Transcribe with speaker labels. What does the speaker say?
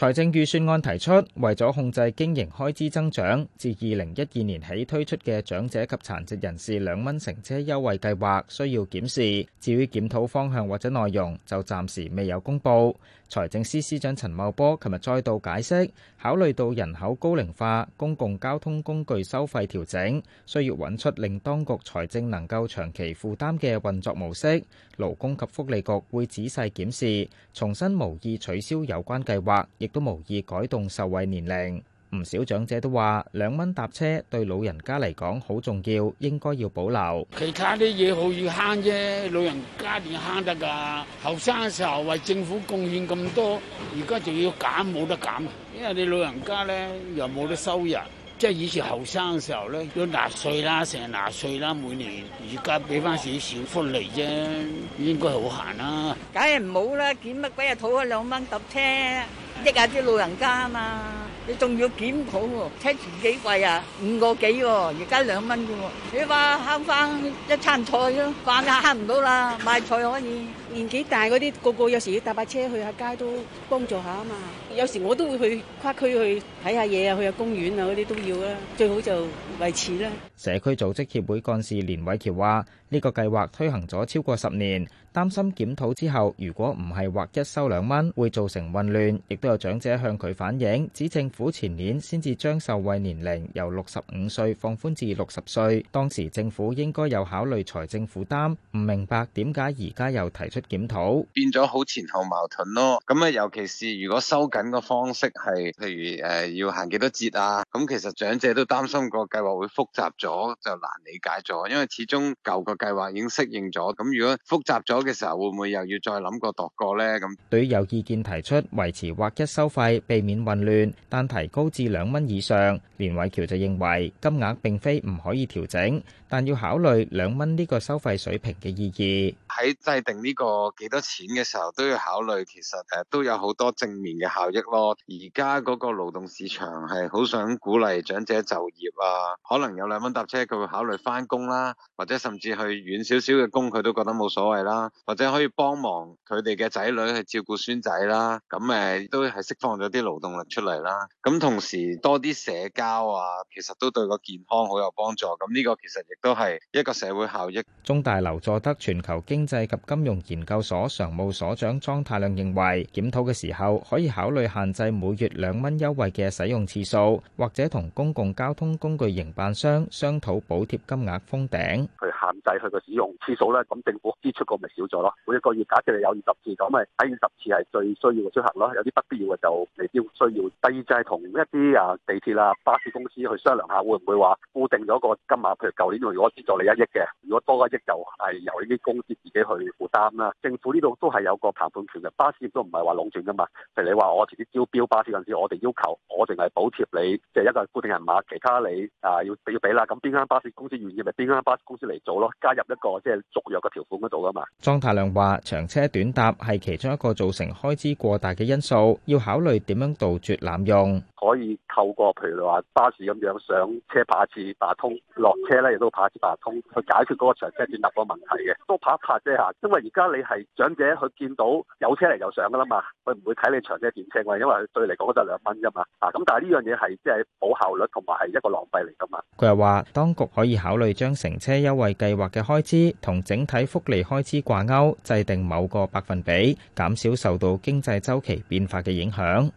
Speaker 1: 財政預算案提出，為咗控制經營開支增長，自二零一二年起推出嘅長者及殘疾人士兩蚊乘車優惠計劃需要檢視。至於檢討方向或者內容，就暫時未有公布。財政司司長陳茂波琴日再度解釋，考慮到人口高齡化，公共交通工具收費調整需要揾出令當局財政能夠長期負擔嘅運作模式。勞工及福利局會仔細檢視，重申無意取消有關計劃，都無意改動受惠年齡，唔少長者都話兩蚊搭車對老人家嚟講好重要，應該要保留。其他啲
Speaker 2: 嘢可以慳啫，老人家點慳得㗎？後生嘅時候為政府貢獻咁多，而家仲要減，冇得減啊！
Speaker 3: 因為你老人家咧又冇得收入，即係以前後生嘅時候咧要納稅啦，成日納稅啦，每年而家俾翻少少福利啫，
Speaker 2: 應該好
Speaker 1: 閒啦。
Speaker 2: 梗係唔好啦，見乜鬼啊？討嗰兩蚊搭車。益下啲老人家嘛，你仲要檢討喎，車錢幾貴啊，五個幾喎，哦，而家兩蚊嘅喎，你話慳返一餐菜咯，啊，飯慳唔到啦，買菜可以。年紀大嗰啲個個有時要搭把車去下街都幫助下啊嘛。有時我都會去跨區去睇下嘢啊，去下公園啊嗰啲都要啦，最好就維
Speaker 1: 持啦。社區組織協會幹事連偉橋話：呢個計劃推行咗超過十年，擔心檢討之後，如果唔係劃一收兩蚊，會造成混亂。亦都有長者向佢反映，指政府前年先至將受惠年齡由六十五歲放寬至六十歲，當時政府應該有考慮財政負擔，唔明白點解而家又提出檢討，
Speaker 3: 變咗好前後矛盾咯。咁啊，尤其是如果收緊。咁個方式係，譬如誒要行幾多折啊？咁其實長者都擔心個計劃會複雜咗，就難理解咗。因為始終舊個計劃已經適應咗，咁如果複雜咗嘅時候，會唔會又要再諗過度過呢？咁
Speaker 1: 對於有意見提出維持劃一收費，避免混亂，但提高至兩蚊以上。連偉橋就認為金額並非唔可以調整，但要考慮兩蚊呢個收費水平嘅意義。喺
Speaker 3: 制定呢個幾多錢嘅時候，都要考慮，其實誒都有好多正面嘅效益咯。而家嗰個勞動市場係好想鼓勵長者就業啊，可能有兩蚊搭車，佢會考慮翻工啦，或者甚至去遠少少嘅工，佢都覺得冇所謂啦。或者可以幫忙佢哋嘅仔女去照顧孫仔啦，咁誒都係釋放咗啲勞動力出嚟啦。咁同時多啲社交啊，其實都對個健康好有幫助。咁呢個其實亦都係一個社會效益。
Speaker 1: 中大劉佐德全球經經濟及金融研究所常務所長莊太亮認為，檢討嘅時候可以考慮限制每月兩蚊優惠嘅使用次數，或者同公共交通工具營辦商商討補貼金額封頂。
Speaker 2: 限 制佢嘅使用次數咧，咁政府支出個咪少咗咯。每一個月，假設你有二十次，咁咪睇二十次係最需要嘅出行咯。有啲不必要嘅就未必要。第二就係同一啲啊地鐵啊巴士公司去商量下，會唔會話固定咗個金額？譬如舊年我如果資助你一億嘅，如果多一億就係由呢啲公司自己去負擔啦。政府呢度都係有個談判權嘅。巴士都唔係話壟斷噶嘛。譬如你話我自己招標巴士嗰陣時，我哋要求我淨係補貼你，即係一個固定人馬，其他你啊要要俾啦。咁邊間巴士公司願意咪邊間巴士公司嚟做？加入一個即係續約嘅條款嗰度啊嘛。
Speaker 1: 莊太量話：長車短搭係其中一個造成開支過大嘅因素，要考慮點樣杜絕濫用。
Speaker 2: 可以透過譬如話巴士咁樣上車爬次爬通，落車咧亦都爬次爬通，去解決嗰個長車短搭個問題嘅。都拍一拍啫嚇，因為而家你係長者，去見到有車嚟就上㗎啦嘛，佢唔會睇你長車短車位，因為對嚟講就兩蚊啫嘛。嚇、啊、咁，但係呢樣嘢係即係冇效率同埋係一個浪費嚟㗎嘛。
Speaker 1: 佢又話：當局可以考慮將乘車優惠計計劃嘅開支同整體福利開支掛鈎，制定某個百分比，減少受到經濟周期變化嘅影響。